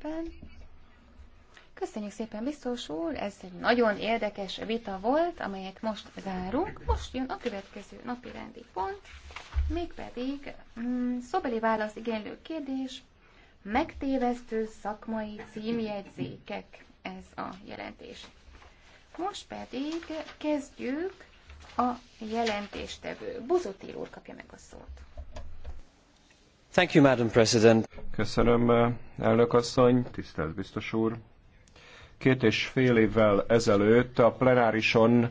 szépen. Köszönjük szépen, biztos úr, ez egy nagyon érdekes vita volt, amelyet most zárunk. Most jön a következő napi rendi pont, mégpedig mm, szobeli válasz igénylő kérdés, megtévesztő szakmai címjegyzékek, ez a jelentés. Most pedig kezdjük a jelentéstevő. Buzotír úr kapja meg a szót. Köszönöm, elnök asszony, tisztelt biztos úr. Két és fél évvel ezelőtt a plenárison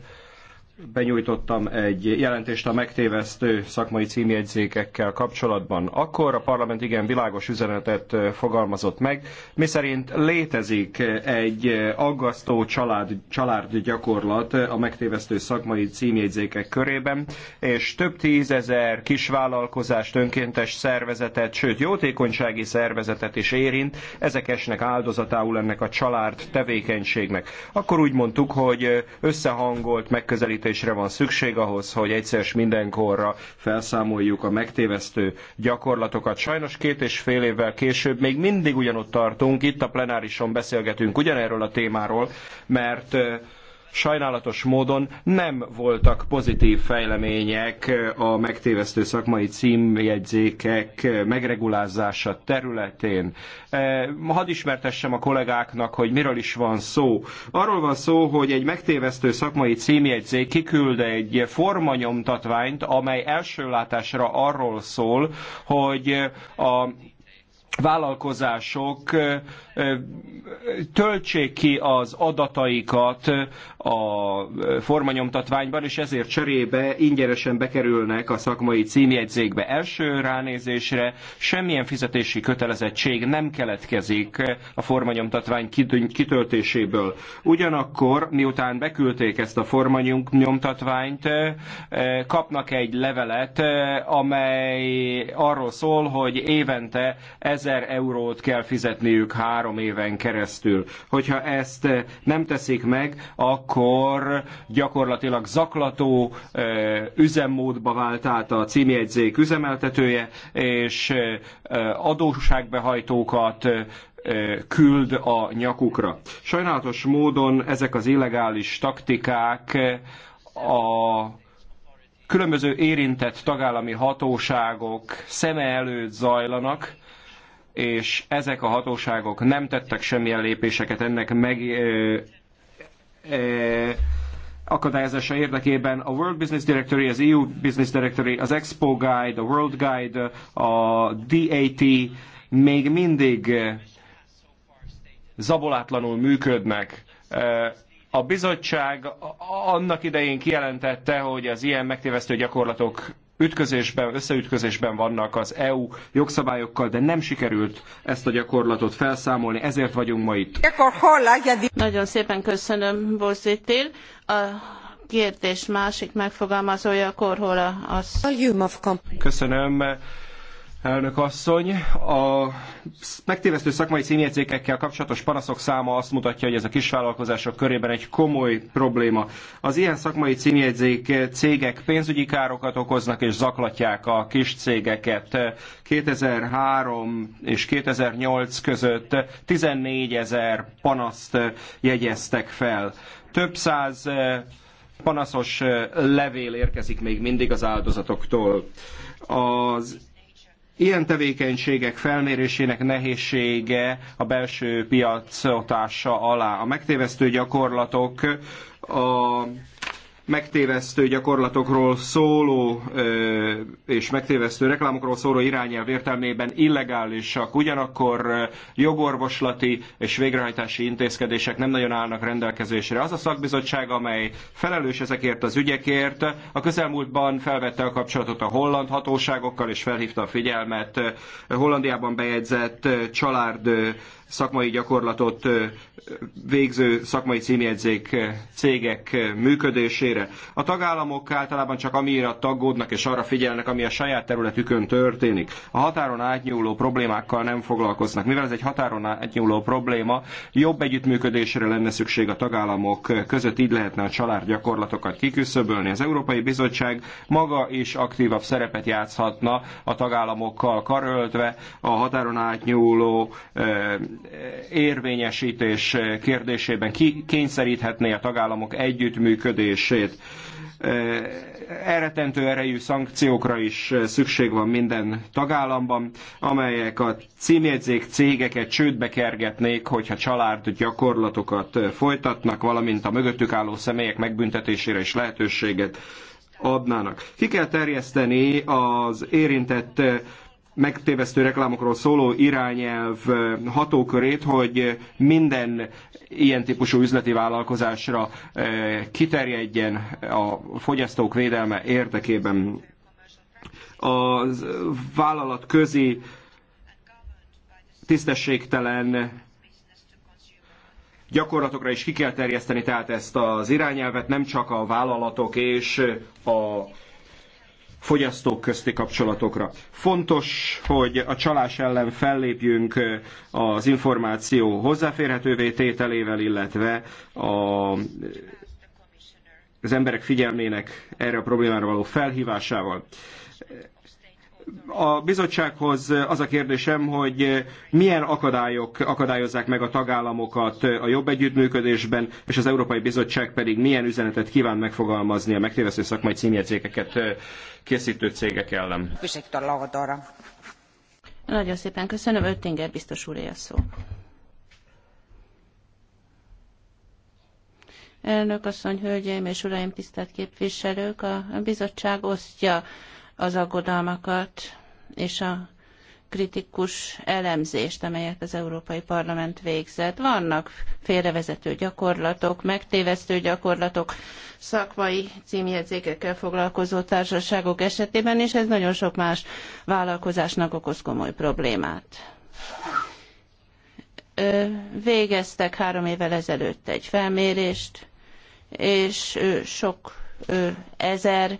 benyújtottam egy jelentést a megtévesztő szakmai címjegyzékekkel kapcsolatban. Akkor a parlament igen világos üzenetet fogalmazott meg, miszerint létezik egy aggasztó család, a megtévesztő szakmai címjegyzékek körében, és több tízezer kisvállalkozást, önkéntes szervezetet, sőt jótékonysági szervezetet is érint, ezek esnek áldozatául ennek a család tevékenységnek. Akkor úgy mondtuk, hogy összehangolt megközelítés fellépésre van szükség ahhoz, hogy egyszer mindenkorra felszámoljuk a megtévesztő gyakorlatokat. Sajnos két és fél évvel később még mindig ugyanott tartunk, itt a plenárison beszélgetünk ugyanerről a témáról, mert sajnálatos módon nem voltak pozitív fejlemények a megtévesztő szakmai címjegyzékek megregulázása területén. E, hadd ismertessem a kollégáknak, hogy miről is van szó. Arról van szó, hogy egy megtévesztő szakmai címjegyzék kiküld egy formanyomtatványt, amely első látásra arról szól, hogy a vállalkozások töltsék ki az adataikat a formanyomtatványban, és ezért cserébe ingyenesen bekerülnek a szakmai címjegyzékbe. Első ránézésre semmilyen fizetési kötelezettség nem keletkezik a formanyomtatvány kitöltéséből. Ugyanakkor, miután beküldték ezt a formanyomtatványt, kapnak egy levelet, amely arról szól, hogy évente ez ezer eurót kell fizetniük három éven keresztül. Hogyha ezt eh, nem teszik meg, akkor gyakorlatilag zaklató eh, üzemmódba vált át a címjegyzék üzemeltetője, és eh, adósságbehajtókat küld a nyakukra. Sajnálatos módon ezek az illegális taktikák a különböző érintett tagállami hatóságok szeme előtt zajlanak, és ezek a hatóságok nem tettek semmilyen lépéseket ennek meg ö, ö, akadályozása érdekében. A World Business Directory, az EU Business Directory, az Expo Guide, a World Guide, a DAT még mindig zabolátlanul működnek. A bizottság annak idején kijelentette, hogy az ilyen megtévesztő gyakorlatok ütközésben, összeütközésben vannak az EU jogszabályokkal, de nem sikerült ezt a gyakorlatot felszámolni, ezért vagyunk ma itt. Nagyon szépen köszönöm, Bozitil. A kérdés másik megfogalmazója, Korhola az. Köszönöm Elnök asszony, a megtévesztő szakmai címjegyzékekkel kapcsolatos panaszok száma azt mutatja, hogy ez a kisvállalkozások körében egy komoly probléma. Az ilyen szakmai címjegyzék cégek pénzügyi károkat okoznak és zaklatják a kis cégeket. 2003 és 2008 között 14 ezer panaszt jegyeztek fel. Több száz panaszos levél érkezik még mindig az áldozatoktól. Az Ilyen tevékenységek felmérésének nehézsége a belső piac hatása alá. A megtévesztő gyakorlatok a megtévesztő gyakorlatokról szóló és megtévesztő reklámokról szóló irányelv értelmében illegálisak, ugyanakkor jogorvoslati és végrehajtási intézkedések nem nagyon állnak rendelkezésre. Az a szakbizottság, amely felelős ezekért az ügyekért, a közelmúltban felvette a kapcsolatot a holland hatóságokkal és felhívta a figyelmet Hollandiában bejegyzett Csalárd szakmai gyakorlatot végző szakmai címjegyzék cégek működésére. A tagállamok általában csak amire taggódnak és arra figyelnek, ami a saját területükön történik. A határon átnyúló problémákkal nem foglalkoznak. Mivel ez egy határon átnyúló probléma, jobb együttműködésre lenne szükség a tagállamok között, így lehetne a család gyakorlatokat kiküszöbölni. Az Európai Bizottság maga is aktívabb szerepet játszhatna a tagállamokkal karöltve a határon átnyúló érvényesítés kérdésében ki kényszeríthetné a tagállamok együttműködését. Eh, Eretentő erejű szankciókra is szükség van minden tagállamban, amelyek a címjegyzék cégeket csődbe kergetnék, hogyha család gyakorlatokat folytatnak, valamint a mögöttük álló személyek megbüntetésére is lehetőséget adnának. Ki kell terjeszteni az érintett megtévesztő reklámokról szóló irányelv hatókörét, hogy minden ilyen típusú üzleti vállalkozásra kiterjedjen a fogyasztók védelme érdekében. A vállalat közi tisztességtelen gyakorlatokra is ki kell terjeszteni, tehát ezt az irányelvet nem csak a vállalatok és a fogyasztók közti kapcsolatokra. Fontos, hogy a csalás ellen fellépjünk az információ hozzáférhetővé tételével, illetve a az emberek figyelmének erre a problémára való felhívásával a bizottsághoz az a kérdésem, hogy milyen akadályok akadályozzák meg a tagállamokat a jobb együttműködésben, és az Európai Bizottság pedig milyen üzenetet kíván megfogalmazni a megtévesztő szakmai címjegyzékeket készítő cégek ellen. Nagyon szépen köszönöm, Öttinger biztos úr a szó. Elnök asszony, hölgyeim és uraim, tisztelt képviselők, a bizottság osztja az aggodalmakat és a kritikus elemzést, amelyet az Európai Parlament végzett. Vannak félrevezető gyakorlatok, megtévesztő gyakorlatok, szakmai címjegyzékekkel foglalkozó társaságok esetében, és ez nagyon sok más vállalkozásnak okoz komoly problémát. Végeztek három évvel ezelőtt egy felmérést, és sok ezer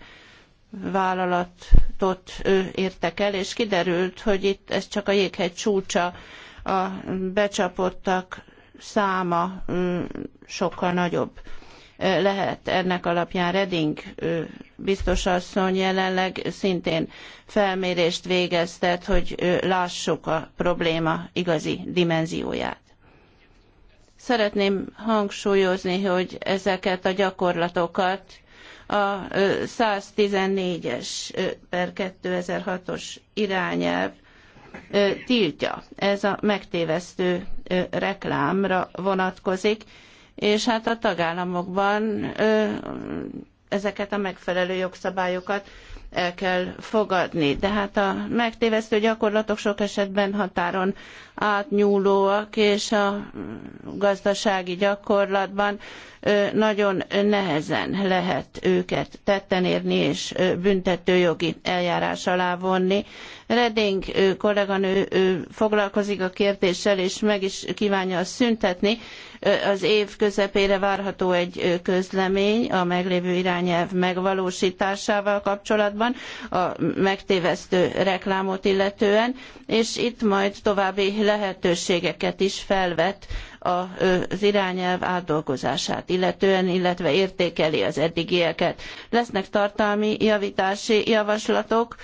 vállalatot értek el, és kiderült, hogy itt ez csak a jéghegy csúcsa, a becsapottak száma sokkal nagyobb lehet ennek alapján Reding biztos asszony jelenleg szintén felmérést végeztet, hogy lássuk a probléma igazi dimenzióját. Szeretném hangsúlyozni, hogy ezeket a gyakorlatokat a 114-es per 2006-os irányelv tiltja. Ez a megtévesztő reklámra vonatkozik, és hát a tagállamokban ezeket a megfelelő jogszabályokat el kell fogadni. De hát a megtévesztő gyakorlatok sok esetben határon átnyúlóak, és a gazdasági gyakorlatban nagyon nehezen lehet őket tetten érni és büntetőjogi eljárás alá vonni. Reding kolléganő foglalkozik a kérdéssel, és meg is kívánja szüntetni, az év közepére várható egy közlemény a meglévő irányelv megvalósításával kapcsolatban, a megtévesztő reklámot illetően, és itt majd további lehetőségeket is felvet az irányelv átdolgozását illetően, illetve értékeli az eddigieket. Lesznek tartalmi javítási javaslatok,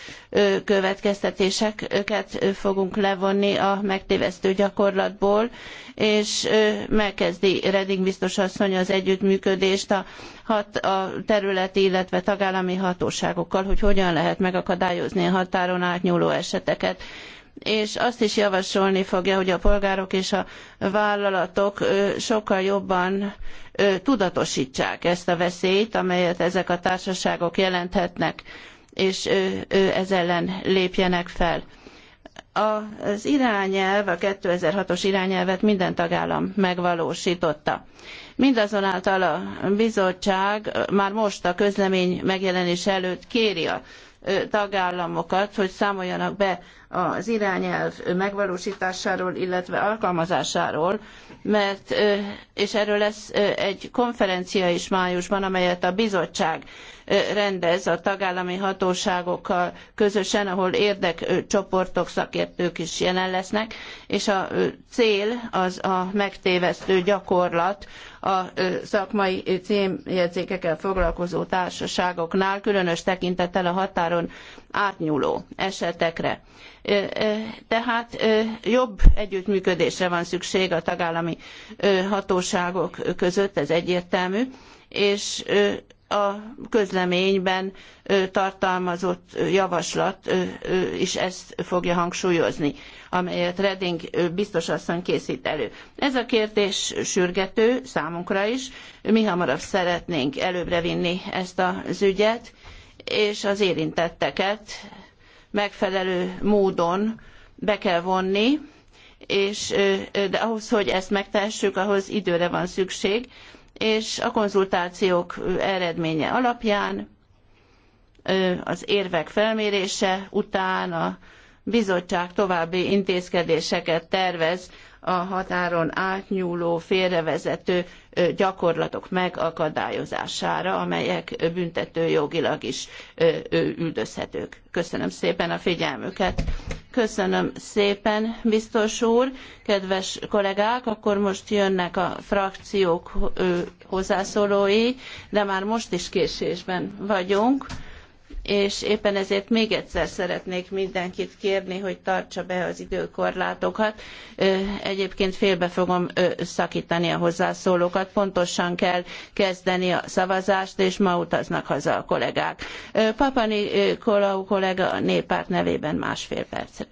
következtetéseket fogunk levonni a megtévesztő gyakorlatból, és megkezdi Reding biztos asszony az együttműködést a, hat, a területi, illetve tagállami hatóságokkal, hogy hogyan lehet megakadályozni a határon átnyúló eseteket és azt is javasolni fogja, hogy a polgárok és a vállalatok sokkal jobban tudatosítsák ezt a veszélyt, amelyet ezek a társaságok jelenthetnek, és ez ellen lépjenek fel. Az irányelv, a 2006-os irányelvet minden tagállam megvalósította. Mindazonáltal a bizottság már most a közlemény megjelenése előtt kéri a tagállamokat, hogy számoljanak be az irányelv megvalósításáról, illetve alkalmazásáról, mert, és erről lesz egy konferencia is májusban, amelyet a bizottság rendez a tagállami hatóságokkal közösen, ahol érdekcsoportok, szakértők is jelen lesznek, és a cél az a megtévesztő gyakorlat, a szakmai címjegyzékekkel foglalkozó társaságoknál, különös tekintettel a határon átnyúló esetekre. Tehát jobb együttműködésre van szükség a tagállami hatóságok között, ez egyértelmű, és a közleményben tartalmazott javaslat is ezt fogja hangsúlyozni, amelyet Reding biztos asszony készít elő. Ez a kérdés sürgető számunkra is. Mi hamarabb szeretnénk előbbre vinni ezt az ügyet, és az érintetteket megfelelő módon be kell vonni, és de ahhoz, hogy ezt megtehessük, ahhoz időre van szükség, és a konzultációk eredménye alapján, az érvek felmérése után a bizottság további intézkedéseket tervez a határon átnyúló félrevezető gyakorlatok megakadályozására, amelyek büntető jogilag is üldözhetők. Köszönöm szépen a figyelmüket. Köszönöm szépen, biztos úr, kedves kollégák, akkor most jönnek a frakciók hozzászólói, de már most is késésben vagyunk és éppen ezért még egyszer szeretnék mindenkit kérni, hogy tartsa be az időkorlátokat. Egyébként félbe fogom szakítani a hozzászólókat, pontosan kell kezdeni a szavazást, és ma utaznak haza a kollégák. Papani Kolau kollega a néppárt nevében másfél percre.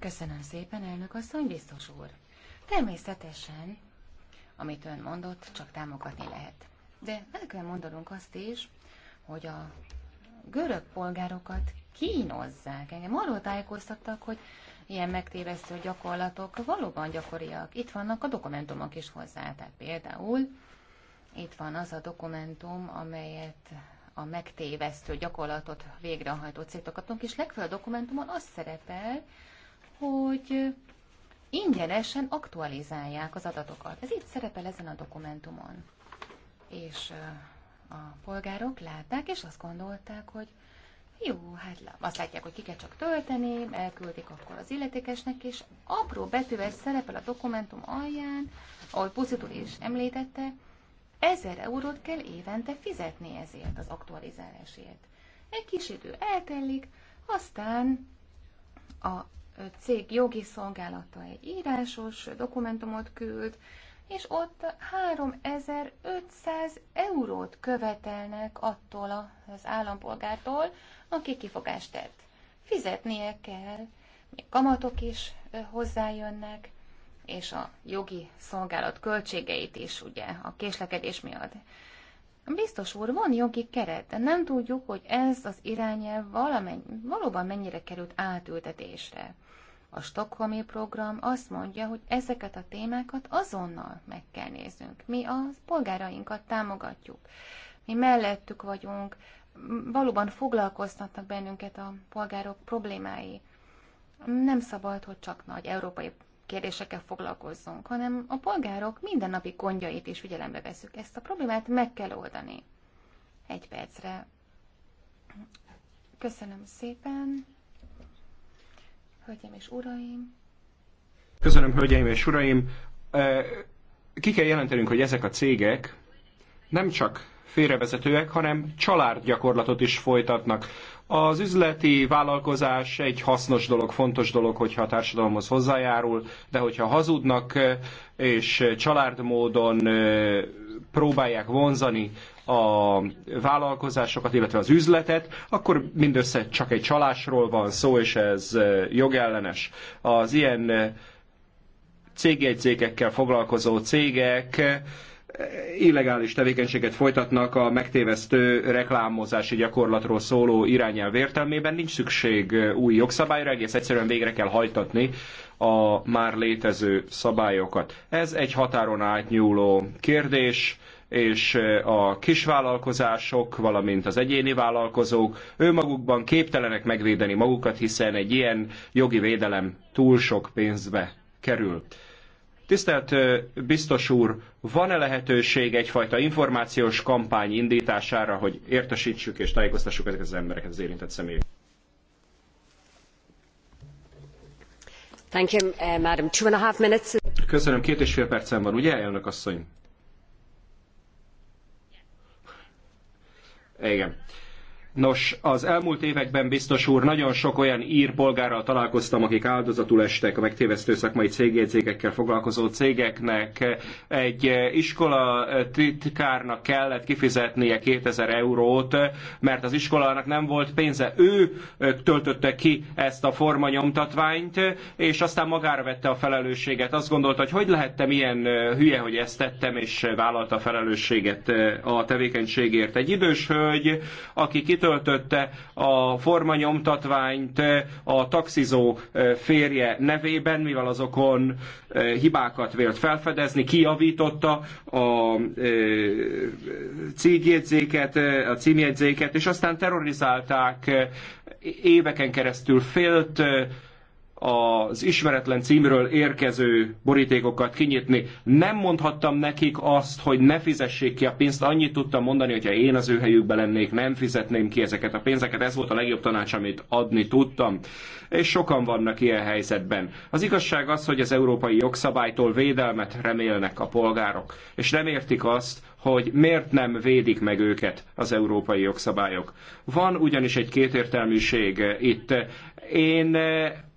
Köszönöm szépen, elnök asszony, biztos úr. Természetesen, amit ön mondott, csak támogatni lehet. De el kell mondanunk azt is, hogy a görög polgárokat kínozzák. Engem arról tájékoztattak, hogy ilyen megtévesztő gyakorlatok valóban gyakoriak. Itt vannak a dokumentumok is hozzá. Tehát például itt van az a dokumentum, amelyet a megtévesztő gyakorlatot végrehajtó cégtől kaptunk, és legfőbb a dokumentumon az szerepel, hogy ingyenesen aktualizálják az adatokat. Ez itt szerepel ezen a dokumentumon. És a polgárok látták, és azt gondolták, hogy jó, hát azt látják, hogy ki kell csak tölteni, elküldik akkor az illetékesnek, és apró betűvel szerepel a dokumentum alján, ahogy Puszitúr is említette, 1000 eurót kell évente fizetni ezért, az aktualizálásért. Egy kis idő eltelik, aztán a cég jogi szolgálata egy írásos dokumentumot küld, és ott 3500 eurót követelnek attól az állampolgártól, aki kifogást tett. Fizetnie kell, még kamatok is hozzájönnek, és a jogi szolgálat költségeit is, ugye, a késlekedés miatt. Biztos úr, van jogi keret, de nem tudjuk, hogy ez az irányelv valamennyi, valóban mennyire került átültetésre. A stokholmi program azt mondja, hogy ezeket a témákat azonnal meg kell néznünk. Mi a polgárainkat támogatjuk. Mi mellettük vagyunk, valóban foglalkoztatnak bennünket a polgárok problémái. Nem szabad, hogy csak nagy európai kérdésekkel foglalkozzunk, hanem a polgárok mindennapi gondjait is figyelembe veszük. Ezt a problémát meg kell oldani. Egy percre. Köszönöm szépen. Hölgyeim és uraim! Köszönöm, hölgyeim és uraim! Ki kell jelentenünk, hogy ezek a cégek nem csak félrevezetőek, hanem családgyakorlatot is folytatnak. Az üzleti vállalkozás egy hasznos dolog, fontos dolog, hogyha a társadalomhoz hozzájárul, de hogyha hazudnak és családmódon próbálják vonzani a vállalkozásokat, illetve az üzletet, akkor mindössze csak egy csalásról van szó, és ez eh, jogellenes. Az ilyen eh, cégjegyzékekkel foglalkozó cégek eh, illegális tevékenységet folytatnak a megtévesztő reklámozási gyakorlatról szóló irányelv értelmében. Nincs szükség új jogszabályra, egész egyszerűen végre kell hajtatni a már létező szabályokat. Ez egy határon átnyúló kérdés és eh, a kisvállalkozások, valamint az egyéni vállalkozók, ő magukban képtelenek megvédeni magukat, hiszen egy ilyen jogi védelem túl sok pénzbe kerül. Tisztelt eh, biztos úr, van-e lehetőség egyfajta információs kampány indítására, hogy értesítsük és tájékoztassuk ezeket az embereket, az érintett személyeket? Thank you, uh, madam. Two and a half minutes. Köszönöm, két és fél percen van, ugye, elnök asszony? Igen. Nos, az elmúlt években biztos úr nagyon sok olyan ír polgárral találkoztam, akik áldozatul estek a megtévesztő szakmai cégjegyzékekkel foglalkozó cégeknek. Egy eh, iskola eh, titkárnak kellett kifizetnie 2000 eurót, mert az iskolának nem volt pénze. Ő eh, töltötte ki ezt a formanyomtatványt, és aztán magára vette a felelősséget. Azt gondolta, hogy hogy lehettem ilyen hülye, hogy ezt tettem, és vállalta a felelősséget a tevékenységért. Egy idős hölgy, aki kit kitöltötte a formanyomtatványt a taxizó férje nevében, mivel azokon hibákat vélt felfedezni, kijavította a cégjegyzéket, a címjegyzéket, és aztán terrorizálták éveken keresztül félt az ismeretlen címről érkező borítékokat kinyitni. Nem mondhattam nekik azt, hogy ne fizessék ki a pénzt, annyit tudtam mondani, hogyha én az ő helyükben lennék, nem fizetném ki ezeket a pénzeket, ez volt a legjobb tanács, amit adni tudtam. És sokan vannak ilyen helyzetben. Az igazság az, hogy az európai jogszabálytól védelmet remélnek a polgárok, és nem értik azt, hogy miért nem védik meg őket az európai jogszabályok. Van ugyanis egy kétértelműség itt. Én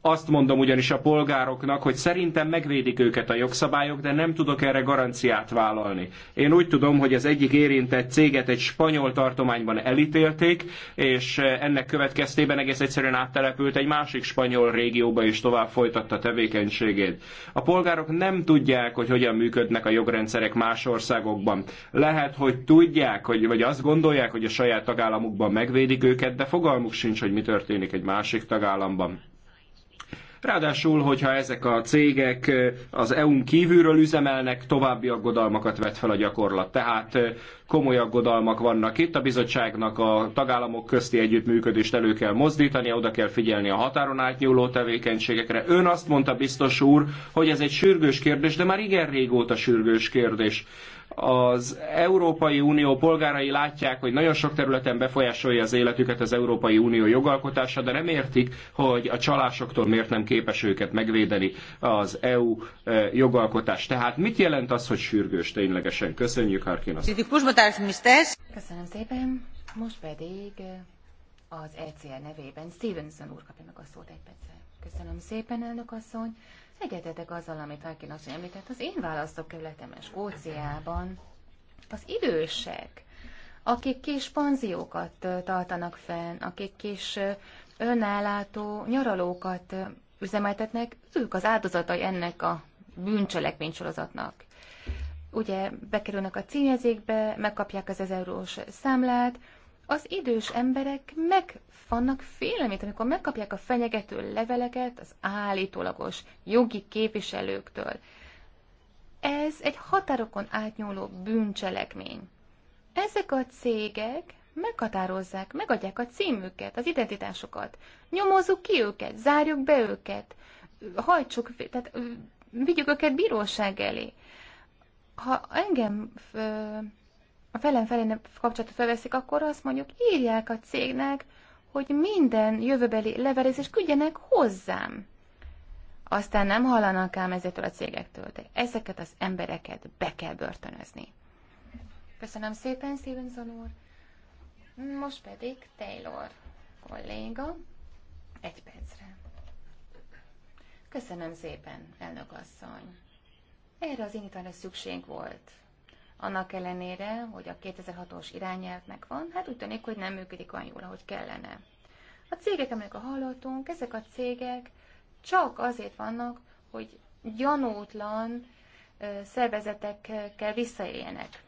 azt mondom ugyanis a polgároknak, hogy szerintem megvédik őket a jogszabályok, de nem tudok erre garanciát vállalni. Én úgy tudom, hogy az egyik érintett céget egy spanyol tartományban elítélték, és ennek következtében egész egyszerűen áttelepült egy másik spanyol régióba, és tovább folytatta tevékenységét. A polgárok nem tudják, hogy hogyan működnek a jogrendszerek más országokban. Lehet, hogy tudják, hogy, vagy azt gondolják, hogy a saját tagállamukban megvédik őket, de fogalmuk sincs, hogy mi történik egy másik tagállamban. Ráadásul, hogyha ezek a cégek az EU-n kívülről üzemelnek, további aggodalmakat vet fel a gyakorlat. Tehát komoly aggodalmak vannak itt, a bizottságnak a tagállamok közti együttműködést elő kell mozdítani, oda kell figyelni a határon átnyúló tevékenységekre. Ön azt mondta biztos úr, hogy ez egy sürgős kérdés, de már igen régóta sürgős kérdés az Európai Unió polgárai látják, hogy nagyon sok területen befolyásolja az életüket az Európai Unió jogalkotása, de nem értik, hogy a csalásoktól miért nem képes őket megvédeni az EU e, jogalkotás. Tehát mit jelent az, hogy sürgős ténylegesen? Köszönjük, Harkin Köszönöm szépen. Most pedig e, az ECR nevében Stevenson úr kapja meg a szót egy percre. Köszönöm szépen, elnök asszony. Egyetetek azzal, amit Harkin asszony említett, az én választókerületemen Skóciában az idősek, akik kis panziókat tartanak fenn, akik kis önállátó nyaralókat üzemeltetnek, ők az áldozatai ennek a bűncselekménysorozatnak. Ugye bekerülnek a címezékbe, megkapják az 1000 eurós számlát, az idős emberek meg vannak félemét, amikor megkapják a fenyegető leveleket az állítólagos jogi képviselőktől. Ez egy határokon átnyúló bűncselekmény. Ezek a cégek meghatározzák, megadják a címüket, az identitásokat. Nyomozzuk ki őket, zárjuk be őket, hajtsuk, tehát vigyük őket bíróság elé. Ha engem a felem felé kapcsolatot felveszik, akkor azt mondjuk írják a cégnek, hogy minden jövőbeli levelezést küldjenek hozzám. Aztán nem hallanak ám ezektől a cégektől, de ezeket az embereket be kell börtönözni. Köszönöm szépen, Stevenson úr. Most pedig Taylor kolléga, egy percre. Köszönöm szépen, elnök asszony. Erre az indítványra szükség volt annak ellenére, hogy a 2006-os irányelv megvan, hát úgy tűnik, hogy nem működik olyan jól, ahogy kellene. A cégek, amelyek a hallottunk, ezek a cégek csak azért vannak, hogy gyanútlan szervezetekkel visszaéljenek.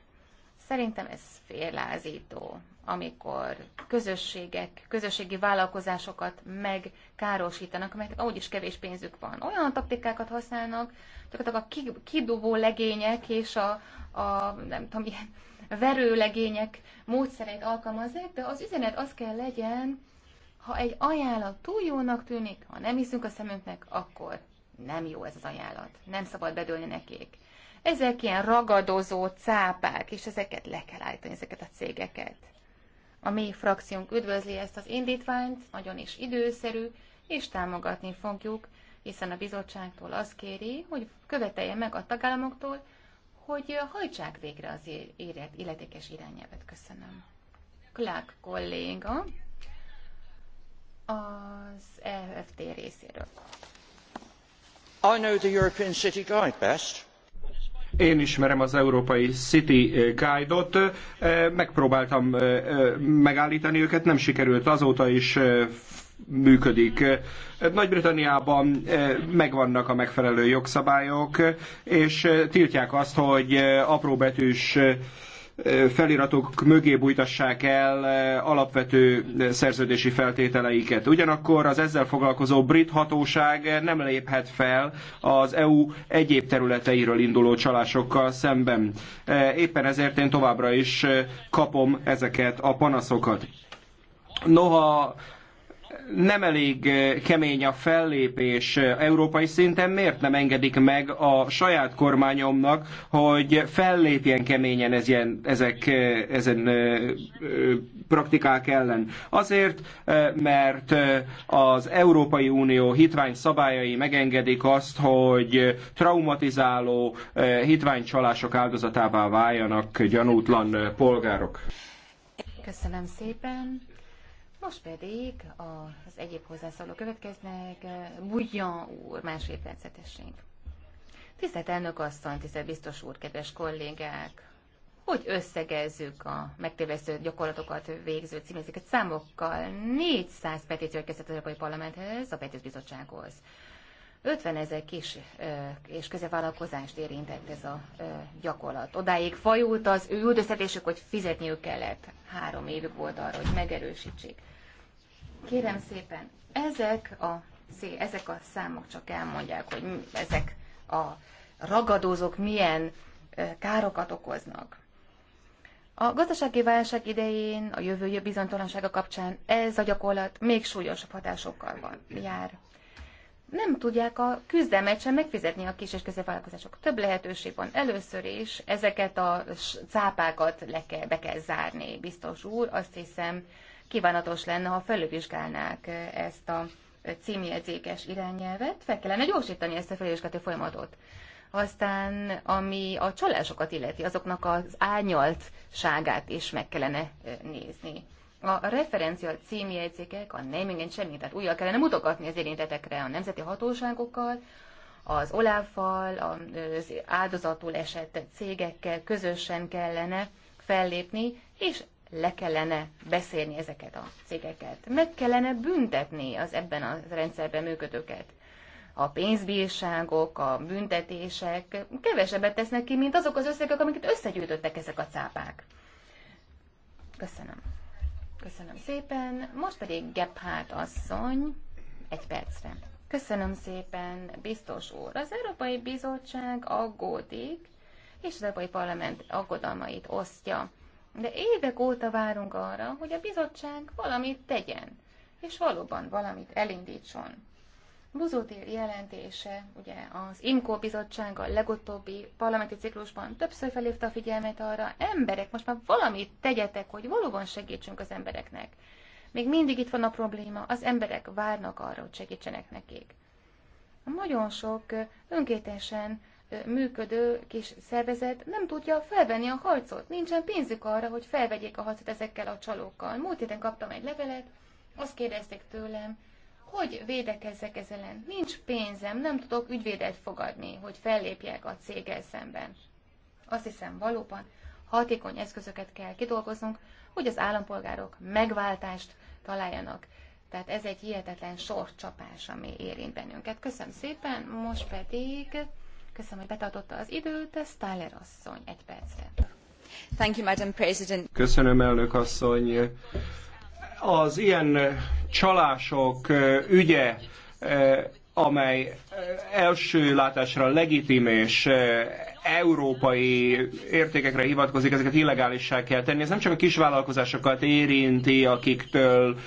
Szerintem ez félázító amikor közösségek, közösségi vállalkozásokat megkárosítanak, mert ahogy is kevés pénzük van. Olyan taktikákat használnak, csak a kidobó legények és a, a nem tudom, ilyen verőlegények módszereit alkalmazzák, de az üzenet az kell legyen, ha egy ajánlat túl jónak tűnik, ha nem hiszünk a szemünknek, akkor nem jó ez az ajánlat. Nem szabad bedőlni nekik. Ezek ilyen ragadozó cápák, és ezeket le kell állítani, ezeket a cégeket. A mi frakciónk üdvözli ezt az indítványt, nagyon is időszerű, és támogatni fogjuk, hiszen a bizottságtól azt kéri, hogy követelje meg a tagállamoktól, hogy hajtsák végre az élet, illetékes irányelvet. Köszönöm. Klák kolléga az EFT részéről. I know the European City Guide best. Én ismerem az Európai City eh, Guide-ot, eh, megpróbáltam eh, megállítani őket, nem sikerült, azóta is működik. Nagy-Britanniában megvannak a megfelelő jogszabályok, és tiltják azt, hogy apróbetűs feliratok mögé bújtassák el alapvető szerződési feltételeiket. Ugyanakkor az ezzel foglalkozó brit hatóság nem léphet fel az EU egyéb területeiről induló csalásokkal szemben. Éppen ezért én továbbra is kapom ezeket a panaszokat. Noha nem elég eh, kemény a fellépés eh, európai szinten, miért nem engedik meg a saját kormányomnak, hogy fellépjen keményen ez ilyen, ezek, eh, ezen praktikák ellen? Azért, mert az Európai Unió hitvány szabályai megengedik azt, hogy traumatizáló hitványcsalások áldozatává váljanak gyanútlan polgárok. Köszönöm szépen. Most pedig az egyéb hozzászóló következnek. Bujjan úr, másfél percet Tisztelt elnök asszony, tisztelt biztos úr, kedves kollégák! Hogy összegezzük a megtévesztő gyakorlatokat végző címezéket számokkal? 400 petíció érkezett az Európai Parlamenthez, a Petíciós Bizottsághoz. 50 ezer kis és közevállalkozást érintett ez a gyakorlat. Odáig fajult az ő üldöztetésük, hogy fizetniük kellett. Három évük volt arra, hogy megerősítsék. Kérem szépen, ezek a, ezek a számok csak elmondják, hogy ezek a ragadozók milyen károkat okoznak. A gazdasági válság idején, a jövő bizonytalansága kapcsán ez a gyakorlat még súlyosabb hatásokkal van, jár. Nem tudják a küzdelmet sem megfizetni a kis és középvállalkozások. Több lehetőség van először is, ezeket a cápákat le kell, be kell zárni, biztos úr. Azt hiszem, kívánatos lenne, ha felülvizsgálnák ezt a címjegyzékes irányelvet, fel kellene gyorsítani ezt a felülvizsgálati folyamatot. Aztán, ami a csalásokat illeti, azoknak az árnyaltságát is meg kellene nézni. A referencia címjegyzékek, a naming semmi, tehát újra kellene mutogatni az érintetekre a nemzeti hatóságokkal, az oláfal, az áldozatul esett cégekkel közösen kellene fellépni, és le kellene beszélni ezeket a cégeket. Meg kellene büntetni az ebben a rendszerben működőket. A pénzbírságok, a büntetések kevesebbet tesznek ki, mint azok az összegek, amiket összegyűjtöttek ezek a cápák. Köszönöm. Köszönöm szépen. Most pedig Gebhardt asszony egy percre. Köszönöm szépen, biztos úr. Az Európai Bizottság aggódik, és az Európai Parlament aggodalmait osztja de évek óta várunk arra, hogy a bizottság valamit tegyen, és valóban valamit elindítson. Buzotér jelentése, ugye az IMCO bizottság a legutóbbi parlamenti ciklusban többször felhívta a figyelmet arra, emberek, most már valamit tegyetek, hogy valóban segítsünk az embereknek. Még mindig itt van a probléma, az emberek várnak arra, hogy segítsenek nekik. Nagyon sok önkétesen működő kis szervezet nem tudja felvenni a harcot. Nincsen pénzük arra, hogy felvegyék a harcot ezekkel a csalókkal. Múlt héten kaptam egy levelet, azt kérdezték tőlem, hogy védekezzek ezzel? ellen. Nincs pénzem, nem tudok ügyvédet fogadni, hogy fellépjek a céggel szemben. Azt hiszem valóban hatékony eszközöket kell kidolgoznunk, hogy az állampolgárok megváltást találjanak. Tehát ez egy hihetetlen sorcsapás, ami érint bennünket. Köszönöm szépen, most pedig Köszönöm, hogy betartotta az időt, ez Tyler asszony, egy percre. Thank you, Madam President. Köszönöm, elnök asszony. Az ilyen csalások ügye amely első látásra legitim és európai értékekre hivatkozik, ezeket illegálissá kell tenni. Ez nem csak a kisvállalkozásokat érinti, akiktől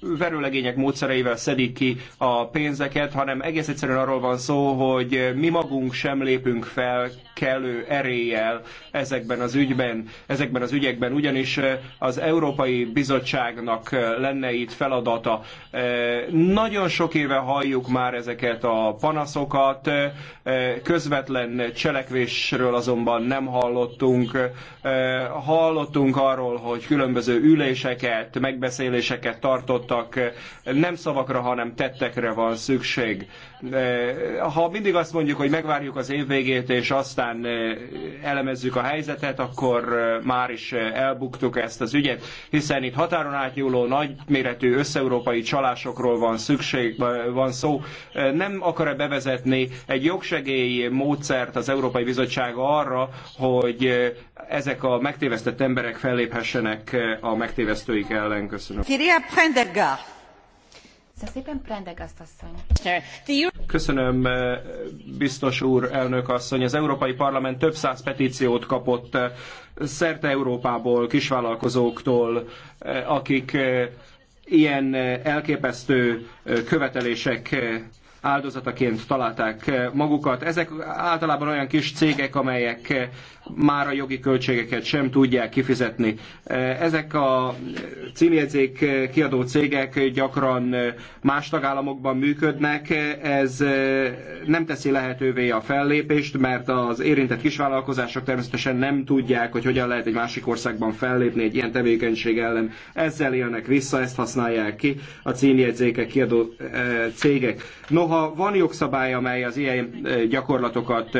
verőlegények módszereivel szedik ki a pénzeket, hanem egész egyszerűen arról van szó, hogy mi magunk sem lépünk fel kellő eréllyel ezekben az ügyben, ezekben az ügyekben, ugyanis eh, az Európai Bizottságnak eh, lenne itt feladata. Eh, nagyon sok éve halljuk már ezeket a panaszokat, közvetlen cselekvésről azonban nem hallottunk. Hallottunk arról, hogy különböző üléseket, megbeszéléseket tartott elmondottak, nem szavakra, hanem tettekre van szükség. Eh, ha mindig azt mondjuk, hogy megvárjuk az év végét, és aztán eh, elemezzük a helyzetet, akkor eh, már is elbuktuk ezt az ügyet, hiszen itt határon átnyúló nagyméretű összeurópai csalásokról van szükség, van szó. Nem akar-e bevezetni egy jogsegélyi módszert az Európai Bizottság arra, hogy ezek a megtévesztett emberek felléphessenek a megtévesztőik ellen? Köszönöm szépen, asszony. Köszönöm, eh, biztos úr, elnök asszony. Az Európai Parlament több száz petíciót kapott eh, szerte Európából, kisvállalkozóktól, eh, akik ilyen elképesztő követelések áldozataként találták eh, magukat. Ezek általában olyan kis cégek, amelyek eh, már a jogi költségeket sem tudják kifizetni. Eh, ezek a címjegyzék kiadó cégek gyakran más tagállamokban működnek, ez nem teszi lehetővé a fellépést, mert az érintett kisvállalkozások természetesen nem tudják, hogy hogyan lehet egy másik országban fellépni egy ilyen tevékenység ellen. Ezzel élnek vissza, ezt használják ki a címjegyzékek kiadó cégek. Noha ha van jogszabály, amely az ilyen gyakorlatokat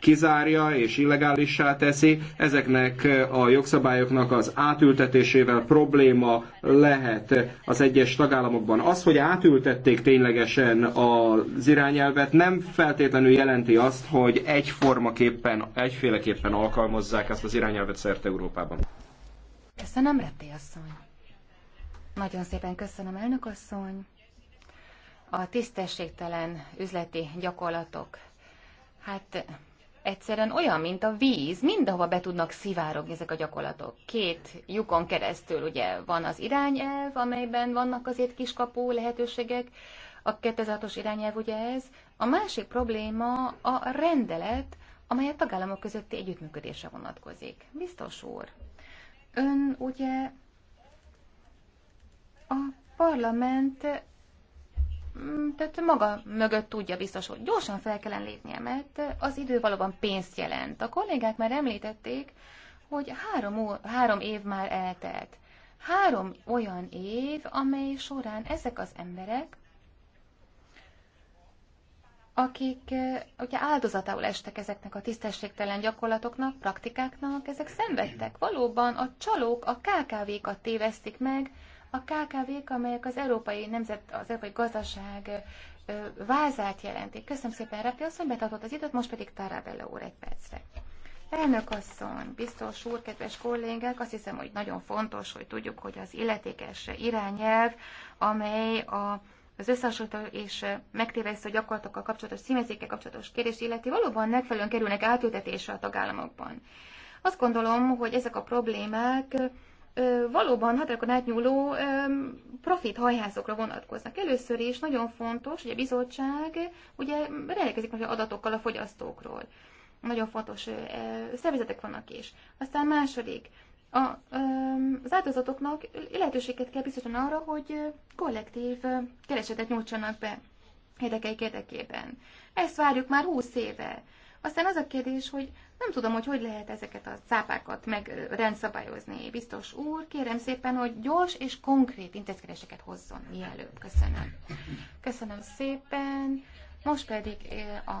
kizárja és illegálissá teszi, ezeknek a jogszabályoknak az átültetésével probléma lehet az egyes tagállamokban. Az, hogy átültették ténylegesen az irányelvet, nem feltétlenül jelenti azt, hogy egyformaképpen, egyféleképpen alkalmazzák ezt az irányelvet szerte Európában. Köszönöm, Retté asszony. Nagyon szépen köszönöm, elnök asszony a tisztességtelen üzleti gyakorlatok, hát egyszerűen olyan, mint a víz, mindenhova be tudnak szivárogni ezek a gyakorlatok. Két lyukon keresztül ugye van az irányelv, amelyben vannak azért kiskapó lehetőségek, a 2006-os irányelv ugye ez. A másik probléma a rendelet, amely a tagállamok közötti együttműködésre vonatkozik. Biztos úr, ön ugye a parlament Mm, tehát maga mögött tudja biztos, hogy gyorsan fel kellene lépnie, mert az idő valóban pénzt jelent. A kollégák már említették, hogy három, ó, három év már eltelt. Három olyan év, amely során ezek az emberek, akik eh, ugye áldozatául estek ezeknek a tisztességtelen gyakorlatoknak, praktikáknak, ezek szenvedtek. Valóban a csalók, a KKV-kat tévesztik meg, a KKV-k, amelyek az európai nemzet, az európai gazdaság vázát jelentik. Köszönöm szépen, Repi asszony, betartott az időt, most pedig Tarabella úr egy percre. Elnök asszony, biztos úr, kedves kollégák, azt hiszem, hogy nagyon fontos, hogy tudjuk, hogy az illetékes irányelv, amely a az összehasonlító és megtévesztő gyakorlatokkal kapcsolatos színezékkel kapcsolatos kérdés illeti valóban megfelelően kerülnek átültetésre a tagállamokban. Azt gondolom, hogy ezek a problémák valóban határokon átnyúló profit hajházokra vonatkoznak. Először is nagyon fontos, hogy a bizottság ugye rendelkezik az adatokkal a fogyasztókról. Nagyon fontos szervezetek vannak is. Aztán második, a, az áldozatoknak lehetőséget kell biztosítani arra, hogy kollektív keresetet nyújtsanak be érdekeik érdekében. Ezt várjuk már 20 éve. Aztán az a kérdés, hogy nem tudom, hogy hogy lehet ezeket a cápákat meg rendszabályozni. Biztos úr, kérem szépen, hogy gyors és konkrét intézkedéseket hozzon mielőbb. Köszönöm. Köszönöm szépen. Most pedig a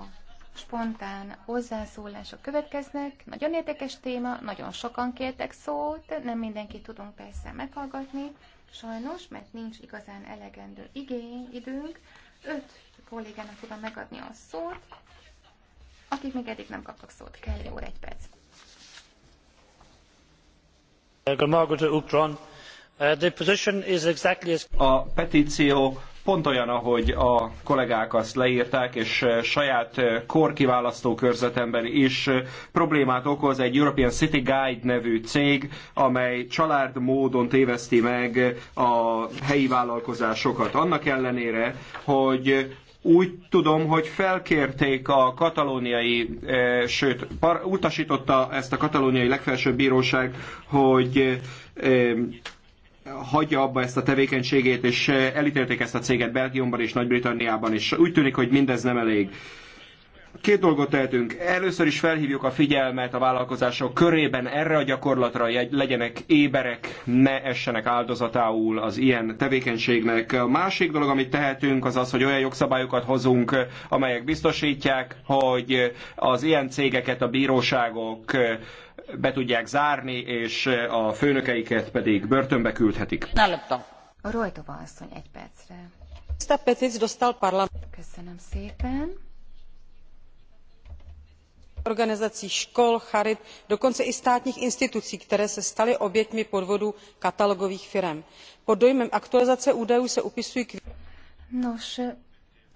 spontán hozzászólások következnek. Nagyon érdekes téma, nagyon sokan kértek szót, nem mindenkit tudunk persze meghallgatni, sajnos, mert nincs igazán elegendő igény, időnk. Öt kollégának tudom megadni a szót, akik még eddig nem kaptak szót. Kelly úr, egy perc. Uh, a petíció pont olyan, ahogy a kollégák azt leírták, és uh, saját uh, korkiválasztó körzetemben is problémát okoz egy European City Guide nevű cég, amely család módon téveszti meg a helyi vállalkozásokat. Annak ellenére, hogy úgy tudom, hogy felkérték a katalóniai, eh, sőt, utasította ezt a katalóniai legfelsőbb bíróság, hogy eh, hagyja abba ezt a tevékenységét, és eh, elítélték ezt a céget Belgiumban és Nagy-Britanniában, és úgy tűnik, hogy mindez nem elég. Két dolgot tehetünk. Először is felhívjuk a figyelmet a vállalkozások körében erre a gyakorlatra, hogy legyenek éberek, ne essenek áldozatául az ilyen tevékenységnek. A másik dolog, amit tehetünk, az az, hogy olyan jogszabályokat hozunk, amelyek biztosítják, hogy az ilyen cégeket a bíróságok eh, be tudják zárni, és eh, a főnökeiket pedig börtönbe küldhetik. A Rojtova asszony egy percre. Köszönöm szépen organizací škol charit dokonce i státních institucí které se staly oběťmi podvodů katalogových firem. pod dojmem aktualizace údajů se upisují k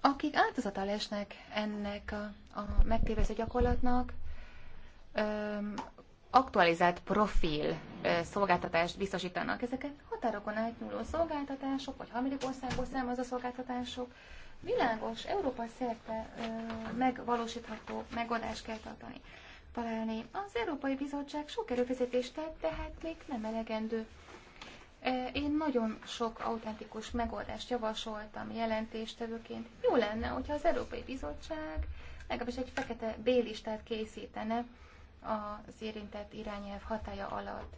akik áldozatául esnek ennek a, a megtévesztő gyakorlatnak, öm, aktualizált profil ö, szolgáltatást biztosítanak. Ezeket határokon átnyúló szolgáltatások, vagy harmadik országból származó szolgáltatások, világos, Európa szerte ö, megvalósítható megoldást kell tartani. Találni. Az Európai Bizottság sok erőfeszítést tett, de hát még nem elegendő. Én nagyon sok autentikus megoldást javasoltam jelentéstevőként. Jó lenne, hogyha az Európai Bizottság legalábbis egy fekete B-listát készítene az érintett irányelv hatája alatt.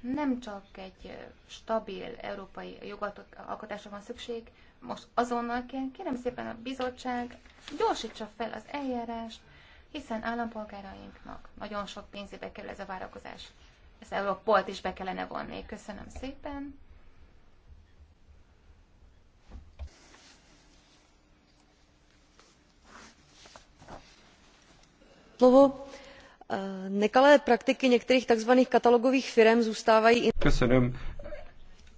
Nem csak egy stabil európai jogalkotásra van szükség, most azonnal kell, kérem szépen a bizottság gyorsítsa fel az eljárást, hiszen állampolgárainknak nagyon sok pénzébe kerül ez a várakozás. Ezt Európolt is be kellene vonni. Köszönöm szépen. Slovo. Eh, nekalé praktiky některých takzvaných katalogových firm zůstávají... Köszönöm.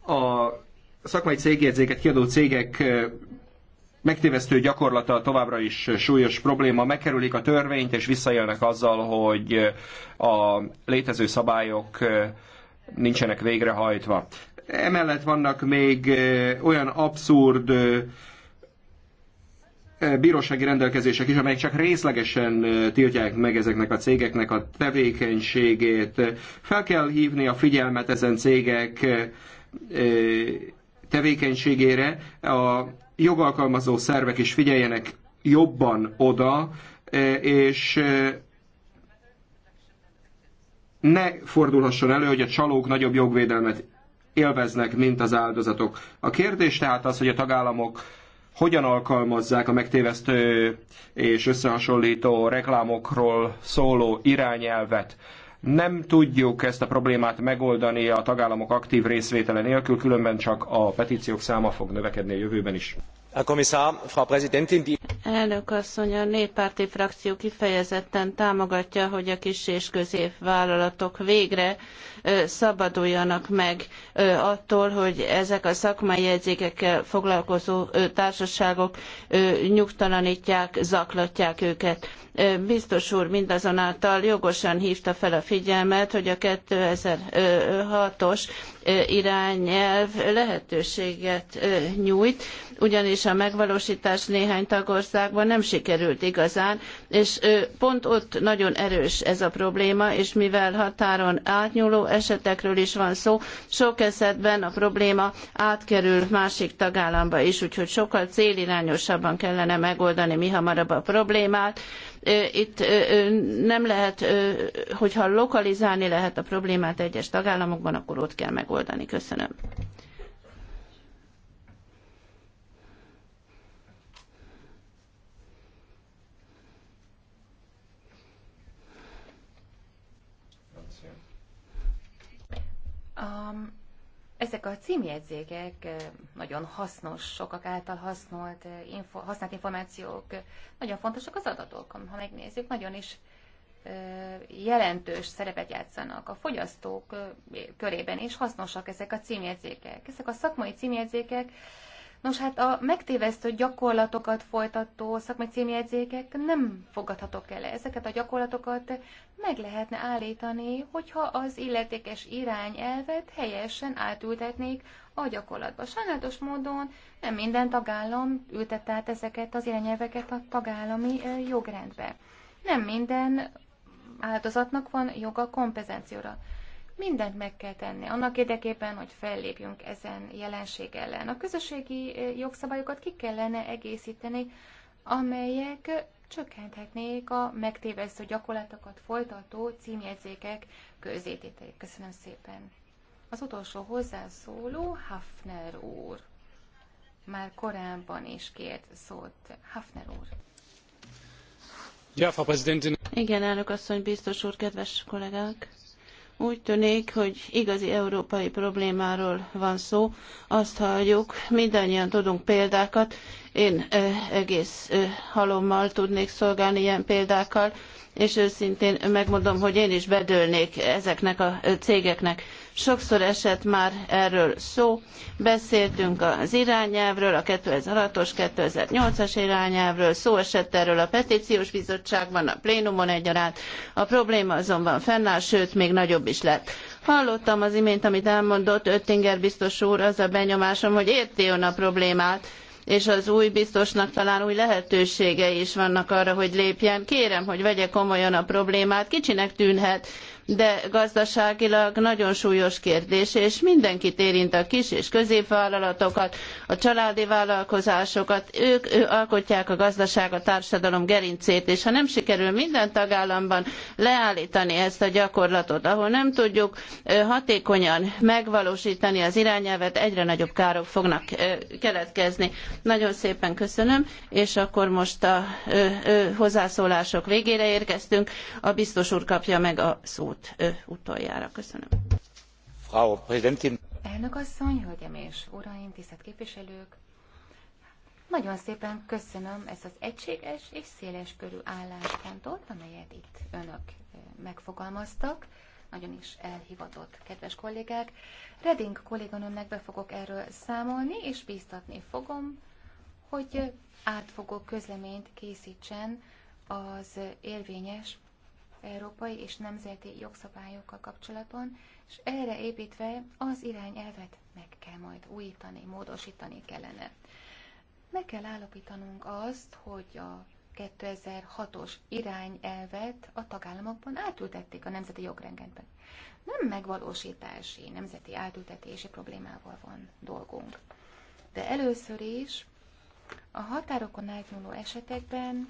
A szakmai cégjegyzéket kiadó cégek megtévesztő gyakorlata továbbra is súlyos probléma, megkerülik a törvényt és visszaélnek azzal, hogy a létező szabályok nincsenek végrehajtva. Emellett vannak még olyan abszurd bírósági rendelkezések is, amelyek csak részlegesen tiltják meg ezeknek a cégeknek a tevékenységét. Fel kell hívni a figyelmet ezen cégek tevékenységére a jogalkalmazó szervek is figyeljenek jobban oda, e, és e, ne fordulhasson elő, hogy a csalók nagyobb jogvédelmet élveznek, mint az áldozatok. A kérdés tehát az, hogy a tagállamok hogyan alkalmazzák a megtévesztő és összehasonlító reklámokról szóló irányelvet. Nem tudjuk ezt a problémát megoldani a tagállamok aktív részvétele nélkül, különben csak a petíciók száma fog növekedni a jövőben is elnök asszony a néppárti frakció kifejezetten támogatja hogy a kis és középvállalatok végre szabaduljanak meg attól hogy ezek a szakmai jegyzékekkel foglalkozó társaságok nyugtalanítják zaklatják őket. biztos úr mindazonáltal jogosan hívta fel a figyelmet hogy a two thousand and six os irányelv lehetőséget nyújt ugyanis és a megvalósítás néhány tagországban nem sikerült igazán, és pont ott nagyon erős ez a probléma, és mivel határon átnyúló esetekről is van szó, sok esetben a probléma átkerül másik tagállamba is, úgyhogy sokkal célirányosabban kellene megoldani mihamarabb a problémát. Itt nem lehet, hogyha lokalizálni lehet a problémát egyes tagállamokban, akkor ott kell megoldani. Köszönöm. Um, ezek a címjegyzékek nagyon hasznos, sokak által használt info, használt információk, nagyon fontosak az adatok, ha megnézzük, nagyon is jelentős szerepet játszanak a fogyasztók körében, és hasznosak ezek a címjegyzékek. Ezek a szakmai címjegyzékek Nos, hát a megtévesztő gyakorlatokat folytató szakmai címjegyzékek nem fogadhatok el. Ezeket a gyakorlatokat meg lehetne állítani, hogyha az illetékes irányelvet helyesen átültetnék a gyakorlatba. Sajnálatos módon nem minden tagállam ültette át ezeket az irányelveket a tagállami jogrendbe. Nem minden áldozatnak van joga kompenzációra. Mindent meg kell tenni annak érdekében, hogy fellépjünk ezen jelenség ellen. A közösségi jogszabályokat ki kellene egészíteni, amelyek csökkenthetnék a megtévesztő gyakorlatokat folytató címjegyzékek közzétételét. Köszönöm szépen. Az utolsó hozzászóló Hafner úr. Már korábban is kért szót. Hafner úr. Ja, Frau Präsidentin. Igen, elnök asszony, biztos úr, kedves kollégák. Úgy tűnik, hogy igazi európai problémáról van szó. Azt halljuk, mindannyian tudunk példákat, én egész halommal tudnék szolgálni ilyen példákkal, és őszintén megmondom, hogy én is bedőlnék ezeknek a cégeknek. Sokszor esett már erről szó, beszéltünk az irányelvről, a 2006-os, 2008-as irányelvről, szó esett erről a petíciós bizottságban, a plénumon egyaránt, a probléma azonban fennáll, sőt, még nagyobb is lett. Hallottam az imént, amit elmondott Öttinger biztos úr, az a benyomásom, hogy érti ön a problémát, és az új biztosnak talán új lehetőségei is vannak arra, hogy lépjen. Kérem, hogy vegye komolyan a problémát. Kicsinek tűnhet, de gazdaságilag nagyon súlyos kérdés, és mindenkit érint a kis és középvállalatokat, a családi vállalkozásokat, ők, ők alkotják a gazdaság, a társadalom gerincét, és ha nem sikerül minden tagállamban leállítani ezt a gyakorlatot, ahol nem tudjuk hatékonyan megvalósítani az irányelvet, egyre nagyobb károk fognak keletkezni. Nagyon szépen köszönöm, és akkor most a hozzászólások végére érkeztünk. A biztos úr kapja meg a szót volt ö, utoljára. Köszönöm. Frau Präsidentin. Elnök asszony, hölgyem és uraim, tisztelt képviselők! Nagyon szépen köszönöm ezt az egységes és széles körű álláspontot, amelyet itt önök megfogalmaztak. Nagyon is elhivatott, kedves kollégák. Reding kolléganőmnek be fogok erről számolni, és bíztatni fogom, hogy átfogó közleményt készítsen az érvényes európai és nemzeti jogszabályokkal kapcsolatban, és erre építve az irányelvet meg kell majd újítani, módosítani kellene. Meg kell állapítanunk azt, hogy a 2006-os irányelvet a tagállamokban átültették a nemzeti jogrendben. Nem megvalósítási, nemzeti átültetési problémával van dolgunk. De először is a határokon átnyúló esetekben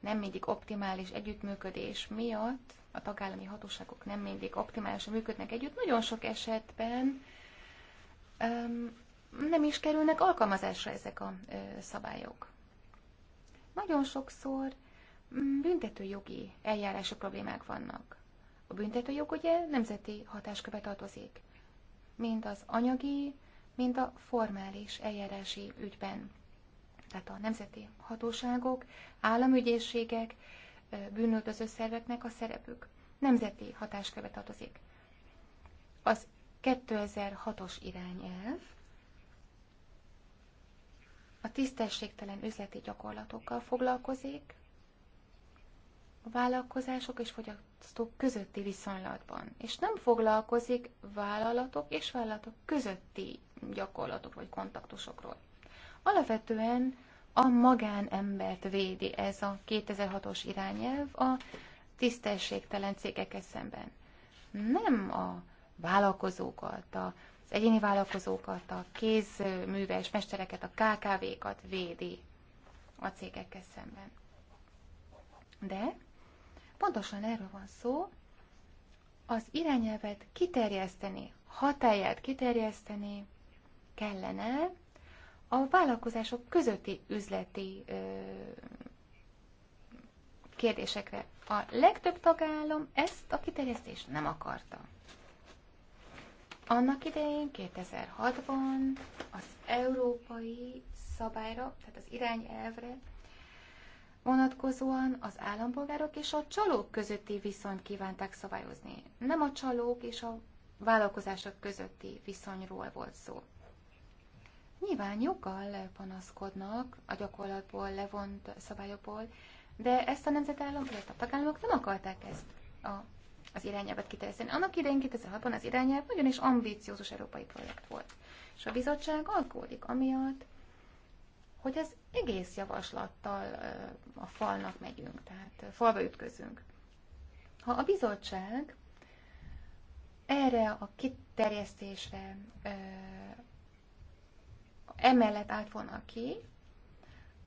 nem mindig optimális együttműködés miatt, a tagállami hatóságok nem mindig optimálisan működnek együtt, nagyon sok esetben um, nem is kerülnek alkalmazásra ezek a ö, szabályok. Nagyon sokszor mm, büntetőjogi eljárási problémák vannak. A büntetőjog ugye nemzeti hatáskövet tartozik, mind az anyagi, mind a formális eljárási ügyben tehát a nemzeti hatóságok, államügyészségek, bűnöldöző szerveknek a szerepük nemzeti hatáskövet tartozik. Az 2006-os irányelv a tisztességtelen üzleti gyakorlatokkal foglalkozik, a vállalkozások és fogyasztók közötti viszonylatban, és nem foglalkozik vállalatok és vállalatok közötti gyakorlatok vagy kontaktusokról. Alapvetően a magánembert védi ez a 2006-os irányelv a tisztességtelen cégekkel szemben. Nem a vállalkozókat, az egyéni vállalkozókat, a kézműves mestereket, a KKV-kat védi a cégekkel szemben. De pontosan erről van szó, az irányelvet kiterjeszteni, hatáját kiterjeszteni kellene a vállalkozások közötti üzleti ö, kérdésekre. A legtöbb tagállam ezt a kiterjesztést nem akarta. Annak idején 2006-ban az európai szabályra, tehát az irányelvre vonatkozóan az állampolgárok és a csalók közötti viszonyt kívánták szabályozni. Nem a csalók és a vállalkozások közötti viszonyról volt szó nyilván joggal panaszkodnak a gyakorlatból levont szabályokból, de ezt a nemzetállamok, illetve a tagállamok nem akarták ezt a, az irányelvet kiterjeszteni. Annak idején 2006-ban az irányelv nagyon is ambíciózus európai projekt volt. És a bizottság aggódik amiatt, hogy ez egész javaslattal a falnak megyünk, tehát falba ütközünk. Ha a bizottság erre a kiterjesztésre emellett állt volna ki,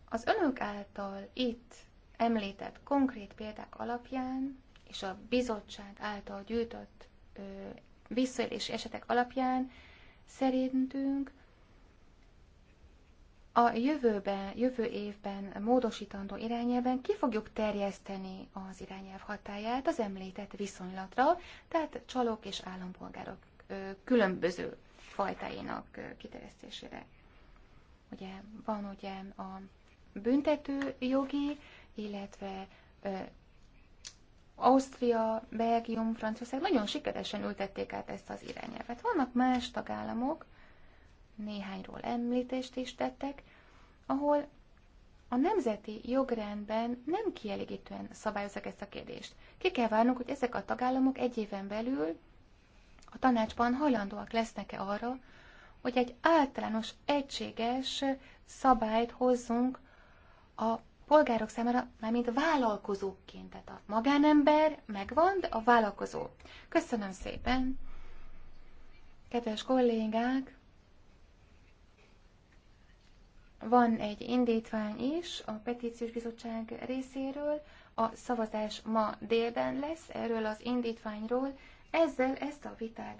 az önök által itt említett konkrét példák alapján és a bizottság által gyűjtött ö, visszaélési esetek alapján szerintünk a jövőben, jövő évben módosítandó irányelven ki fogjuk terjeszteni az irányelv hatáját az említett viszonylatra, tehát csalók és állampolgárok különböző fajtáinak kiterjesztésére. Ugye van ugye a büntető jogi, illetve ö, Ausztria, Belgium, Franciaország nagyon sikeresen ültették át ezt az irányelvet. Vannak más tagállamok, néhányról említést is tettek, ahol a nemzeti jogrendben nem kielégítően szabályozzák ezt a kérdést. Ki kell várnunk, hogy ezek a tagállamok egy éven belül a tanácsban hajlandóak lesznek-e arra, hogy egy általános, egységes szabályt hozzunk a polgárok számára, mármint vállalkozóként. Tehát a magánember megvan, de a vállalkozó. Köszönöm szépen! Kedves kollégák! Van egy indítvány is a Petíciós Bizottság részéről. A szavazás ma délben lesz erről az indítványról. Ezzel ezt a vitát